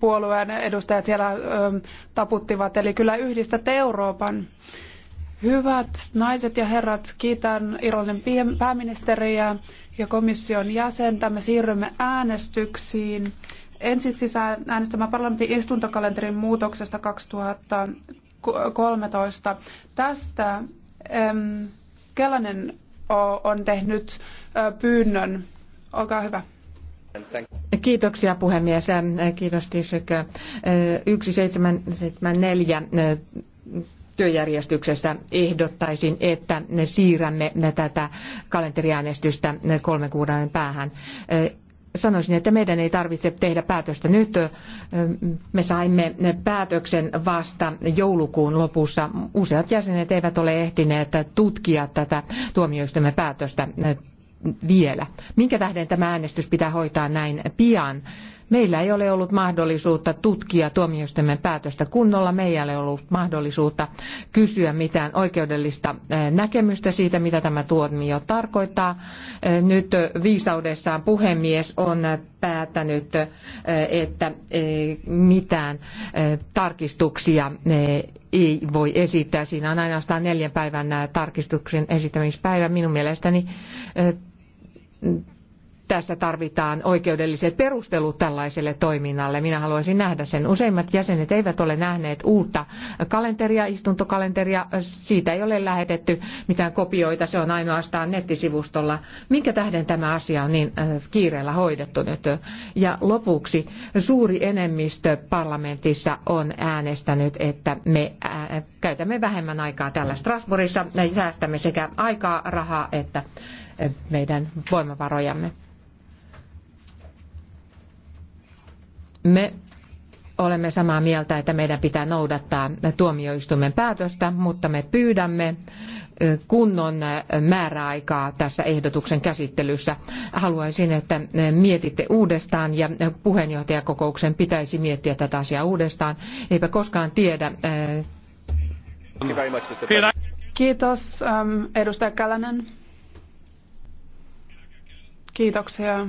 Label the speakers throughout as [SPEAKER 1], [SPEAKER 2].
[SPEAKER 1] puolueen edustajat siellä taputtivat. Eli kyllä yhdistätte Euroopan. Hyvät naiset ja herrat, kiitän Irlannin pääministeriä ja komission jäsentä. Me siirrymme äänestyksiin. Ensiksi äänestämään parlamentin istuntokalenterin muutoksesta 2013. Tästä äm, Kelanen on tehnyt pyynnön. Olkaa hyvä.
[SPEAKER 2] Kiitoksia puhemies. Kiitos seitsemän 1774 työjärjestyksessä ehdottaisin, että siirrämme tätä kalenteriäänestystä kolmen kuukauden päähän. Sanoisin, että meidän ei tarvitse tehdä päätöstä nyt. Me saimme päätöksen vasta joulukuun lopussa. Useat jäsenet eivät ole ehtineet tutkia tätä tuomioistuimen päätöstä vielä. Minkä tähden tämä äänestys pitää hoitaa näin pian? Meillä ei ole ollut mahdollisuutta tutkia tuomioistuimen päätöstä kunnolla. Meillä ei ole ollut mahdollisuutta kysyä mitään oikeudellista eh, näkemystä siitä, mitä tämä tuomio tarkoittaa. Eh, nyt viisaudessaan puhemies on päättänyt, eh, että mitään tarkistuksia ei voi esittää. Siinä on ainoastaan neljän päivän tarkistuksen esittämispäivä. Minun mielestäni tässä tarvitaan oikeudelliset perustelut tällaiselle toiminnalle. Minä haluaisin nähdä sen. Useimmat jäsenet eivät ole nähneet uutta kalenteria, istuntokalenteria. Siitä ei ole lähetetty mitään kopioita, se on ainoastaan nettisivustolla. Minkä tähden tämä asia on niin äh, kiireellä hoidettu nyt? Ja lopuksi suuri enemmistö parlamentissa on äänestänyt, että me äh, käytämme vähemmän aikaa täällä Strasbourgissa, säästämme sekä aikaa, rahaa että meidän voimavarojamme. Me olemme samaa mieltä, että meidän pitää noudattaa tuomioistuimen päätöstä, mutta me pyydämme kunnon määräaikaa tässä ehdotuksen käsittelyssä. Haluaisin, että mietitte uudestaan ja puheenjohtajakokouksen pitäisi miettiä tätä asiaa uudestaan. Eipä koskaan tiedä. Kiitos, ähm, edustaja Kälänen.
[SPEAKER 1] Kiitoksia.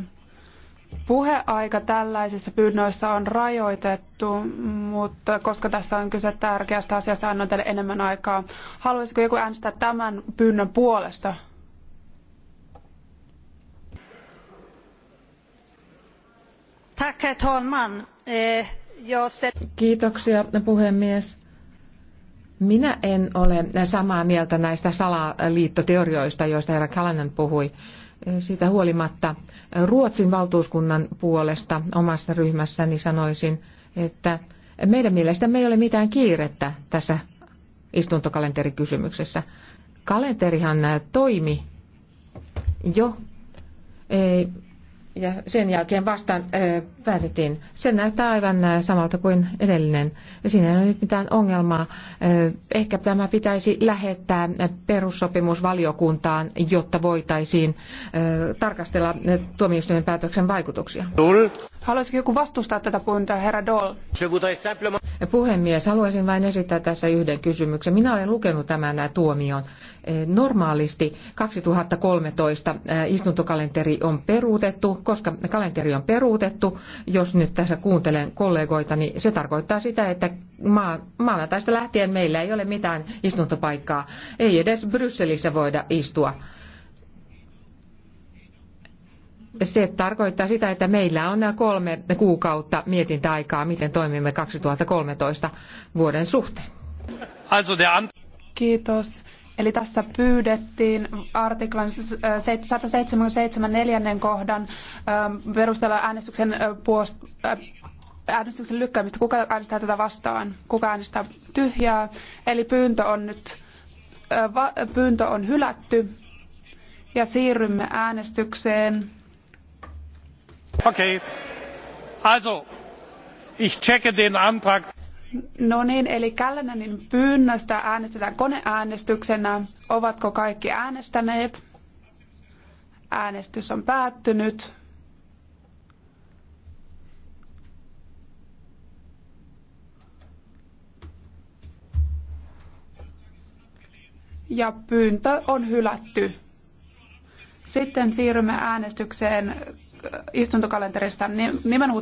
[SPEAKER 1] Puheaika tällaisissa pyynnöissä on rajoitettu, mutta koska tässä on kyse tärkeästä asiasta, annan teille enemmän aikaa. Haluaisiko joku äänestää tämän pyynnön puolesta?
[SPEAKER 2] Tack, herr talman. Eh, Kiitoksia, puhemies. Minä en ole samaa mieltä näistä salaliittoteorioista, joista herra Callanan puhui siitä huolimatta Ruotsin valtuuskunnan puolesta omassa ryhmässäni sanoisin, että meidän mielestämme ei ole mitään kiirettä tässä istuntokalenterikysymyksessä. Kalenterihan toimi jo eh, ja sen jälkeen vastaan päätettiin. Se näyttää aivan samalta kuin edellinen. Ja siinä ei ole nyt mitään ongelmaa. ehkä tämä pitäisi lähettää perussopimusvaliokuntaan, jotta voitaisiin tarkastella tuomioistuimen päätöksen vaikutuksia.
[SPEAKER 1] Tull. Haluaisiko joku vastustaa tätä pyyntöä, herra Doll?
[SPEAKER 2] Puhemies, haluaisin vain esittää tässä yhden kysymyksen. Minä olen lukenut tämän tuomion. Eh, normaalisti 2013 eh, istuntokalenteri on peruutettu, koska kalenteri on peruutettu. Jos nyt tässä kuuntelen kollegoita, niin se tarkoittaa sitä, että maanantaista lähtien meillä ei ole mitään istuntopaikkaa. Ei edes Brysselissä voida istua se tarkoittaa sitä, että meillä on nämä kolme kuukautta mietintäaikaa, miten toimimme 2013 vuoden suhteen.
[SPEAKER 1] Kiitos. Eli tässä pyydettiin artiklan 177 neljännen kohdan ähm, perusteella äänestyksen, äh, puost- äh, äänestyksen lykkäämistä. Kuka äänestää tätä vastaan? Kuka äänestää tyhjää? Eli pyyntö on nyt äh, pyyntö on hylätty ja siirrymme äänestykseen. Okay. Also, ich checke den Antrag. No niin, eli Callananin pyynnöstä äänestetään koneäänestyksenä. Ovatko kaikki äänestäneet? Äänestys on päättynyt. Ja pyyntö on hylätty. Sitten siirrymme äänestykseen istuntokalenterista niin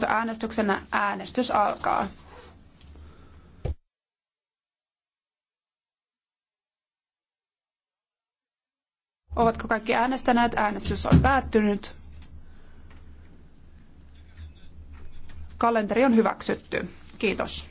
[SPEAKER 1] äänestyksenä äänestys alkaa. Ovatko kaikki äänestäneet? Äänestys on päättynyt. Kalenteri on hyväksytty. Kiitos.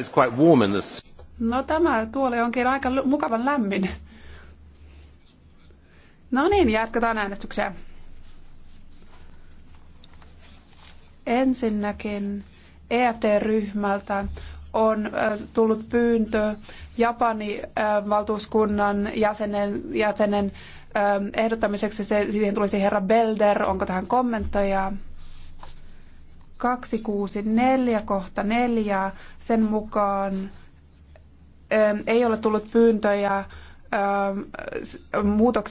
[SPEAKER 2] It's quite warm in this.
[SPEAKER 1] No tämä tuoli onkin aika mukavan lämmin. No niin, jatketaan äänestyksiä. Ensinnäkin EFD-ryhmältä on tullut pyyntö Japanin valtuuskunnan jäsenen, jäsenen ehdottamiseksi. Se, siihen tulisi herra Belder. Onko tähän kommentteja? 264 kohta 4 sen mukaan ähm, ei ole tullut pyyntöjä ähm, muutoksia